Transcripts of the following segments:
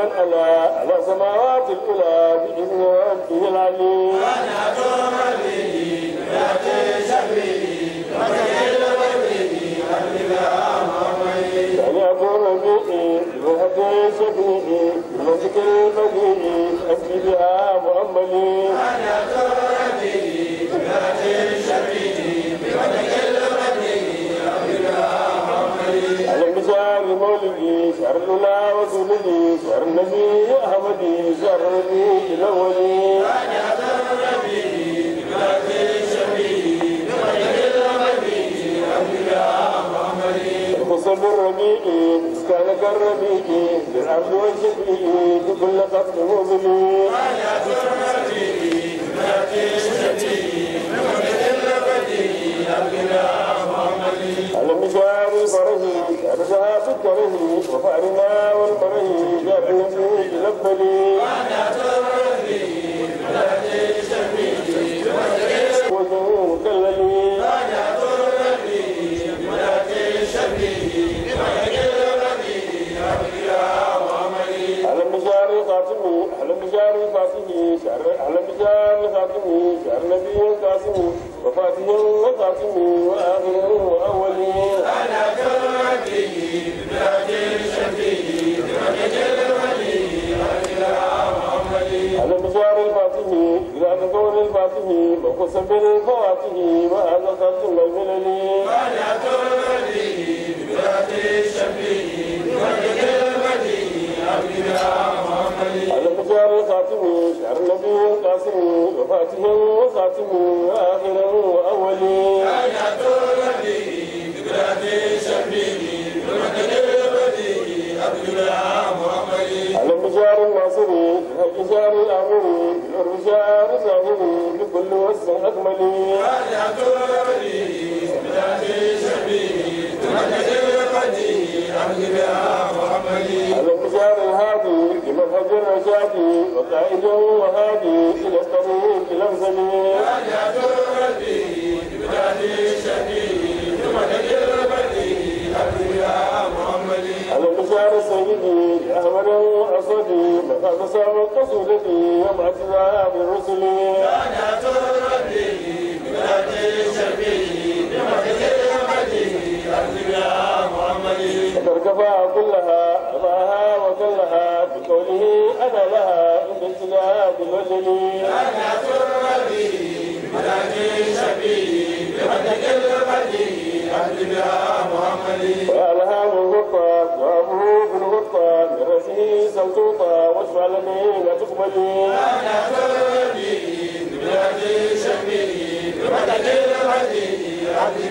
من ألا على سماوات الإله بإذن ربه العليم أحمدي شر لا وسولدي شر نبي أحمدي شر نبي الأولي قصب الربيع كان كالربيع للعبد والشفيع بكل قصد مؤمني آية الربيع تنادي الشفيع بمجد الأبدي أبقنا رفعنا والقمن جاء في الأولين النبي قاسم وفاته وخاتم آخرا وأولي آيات النبي ببلاد شبيه بمكان البدي عبد الله محمد على المجار الناصري الحجار الأمري الرجال الظاهري بكل وسع أكملي آيات النبي ببلاد شبيه بمكان البدي عبد الله محمد الرجال الهادي بمنهج الرشاد وقائده وهادي إلى الطريق الأمثل الجهاد مدني أنا تربي من أجل شبيه بهدك الغدي أهدي يا محمدي وألهام الغطاس وأبوه بالغطاس برأسه سلطوطة لا تقبلي أنا تربي من أجل شبيه بهدك الغدي أهدي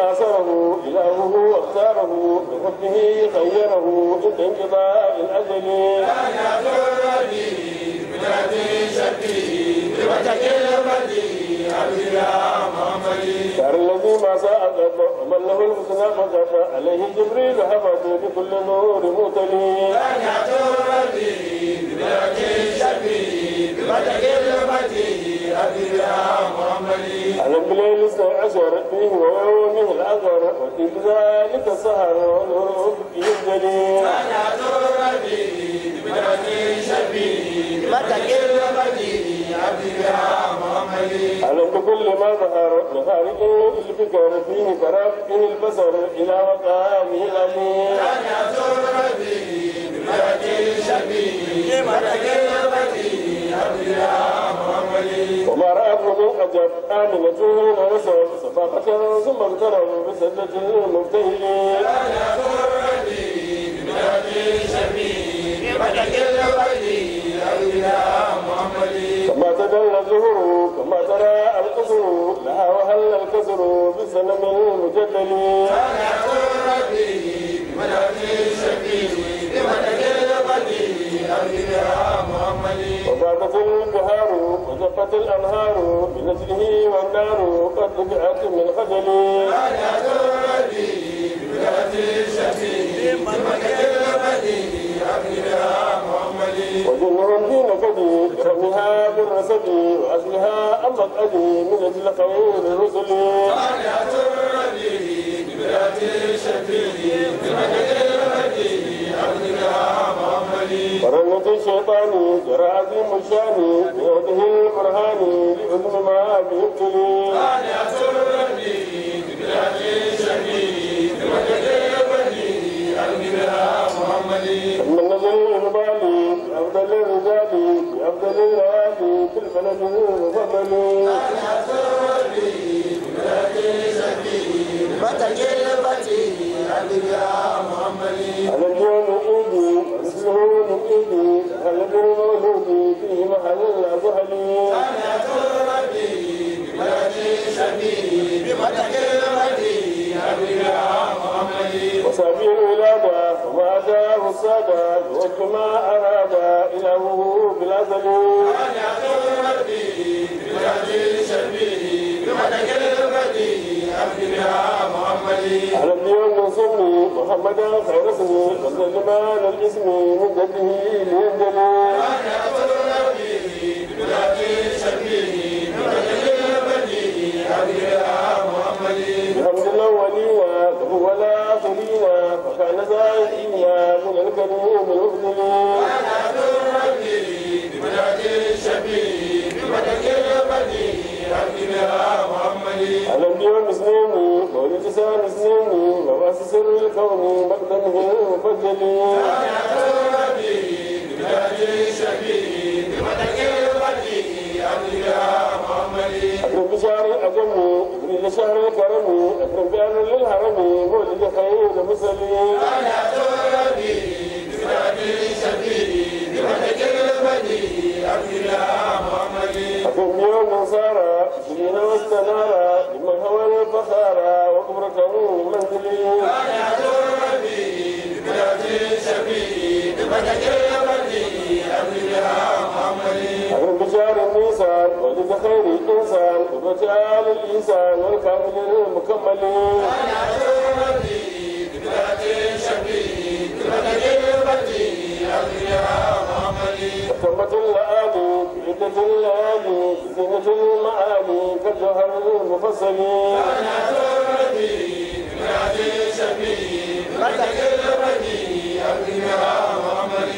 آثره إلهه واختاره بحبه خيره ضد انقضاء الأجل يا نور من شبه بوجه المدين ترى الذي ما ساء من له الحسنى فقفى عليه جبريل حفظ بكل نور متلي على الليل عشرة فيه ويومه الأثر وفي ذلك سهر ونور به الجليل ما ظهر لخارج الفكر فيه كراف من البصر إلى وطامه الأمين لم يزور ربي بملك شبيه ملك البديع أبيا وما رأت من أجب آمنة هنا نسب صفاقة ثم اغترب بسدة المبتهلين لا يزور ربي بملك شبيه ملك البديع أبيا محمد كما تجلى الظهور لا وهل الكسر بسلم المجدل فنقول ربه بمدد شفيه بمدد الغني أرجل يا محمد وبادت البهار وجفت الأنهار بنجله والنار قد رجعت من خجلي فنقول ربه بمدد شفيه وقد أبي من أجل خير رسلي فأنا ترديه ببلاد شفيه بمجد الهديه أبدلها ورنة الشيطان جرى عظيم الشان بيده البرهان لحكم ما بيبتلي فأنا ترديه ببلاد شفيه ولده وبطنه على الجوع نقودي مثله نقودي على الجوع مولودي فيه محل الأبهلي أنا تربي ببلدي سبيلي بمتكلمتي أبدا محمدي وسبيل الأبا وما أتاه الصبا وكما إلهه بالأزل أن يقوم ربي بمهدي شبيه بمدك المدي أبدي بها محمدي أهلني وانصرني محمدا خير اسمي وسلم على الاسم من جده ليبدل أن يقوم ربي بمهدي شبيه بمدك المدي أبدي بها محمدي بحمد الأولين والآخرين فكان زائدين من الكريم المفضل القبور فيأتون به بمهدي شفيه بمدك الغدي أنبياء محمدي أكرم بشار الأجم أكرم بشار الكرم أكرم بيان للهرم ولد خير المسلمين فيأتون به بمهدي شفيه بمدك الغدي أنبياء محمدي أكرم يوم نصارى بمنا واستنارى بمن هوى الفخارى المفصلين أنا تربي من عدي شفيع سمعت الربيع بمنهج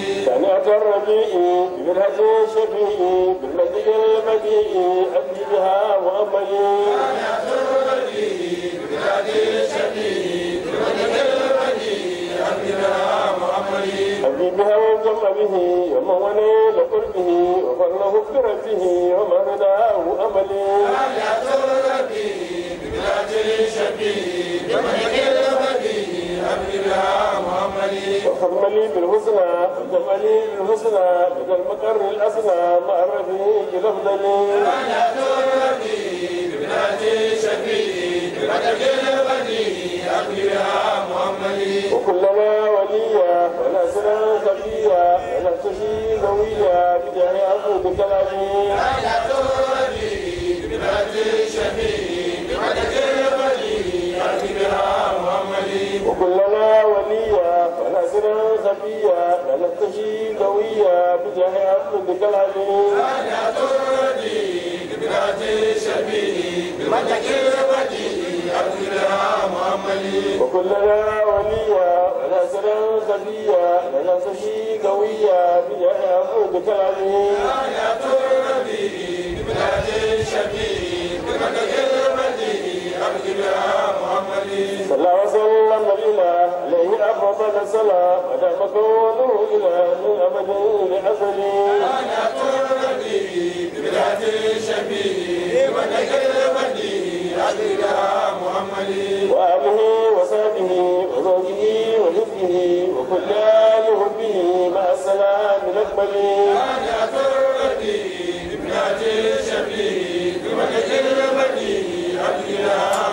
الشفيع بالمجد البديع أبدي بها وأملي سمعت الربيع بمنهج الشفيع بالمجد البديع أبدي بها وأملي أبدي بها وجمله ومولي لقربه وفضله كرته وما رداه أملي أنا مع رفيق الأفضل أنا نور رفيق بنادي شفيق بدك البديع محمدي وكلنا وليا ولا سنة خفية ولا تجي قوية بجاه أبو بكلامي أنا نور صفية بلغت شيء قوية بجاه عبدك العزيز أنا تردي ببلاد شبيه بمدك الودي أبدلها مؤملي وكلها ولية ولا سلام صفية بلغت شيء قوية بجاه عبدك العزيز أنا تردي ببلاد شبيه قبل صلاة ولا مكونه إلى من أبدي لأبدي أنا تربي ببلاد الشبيه ونجل ولي أبدا محمدي وأبه وصحبه وزوجه وحبه وكل يحبه مع السلام الأكبر أنا تربي ببلاد الشبيه ونجل ولي أبدا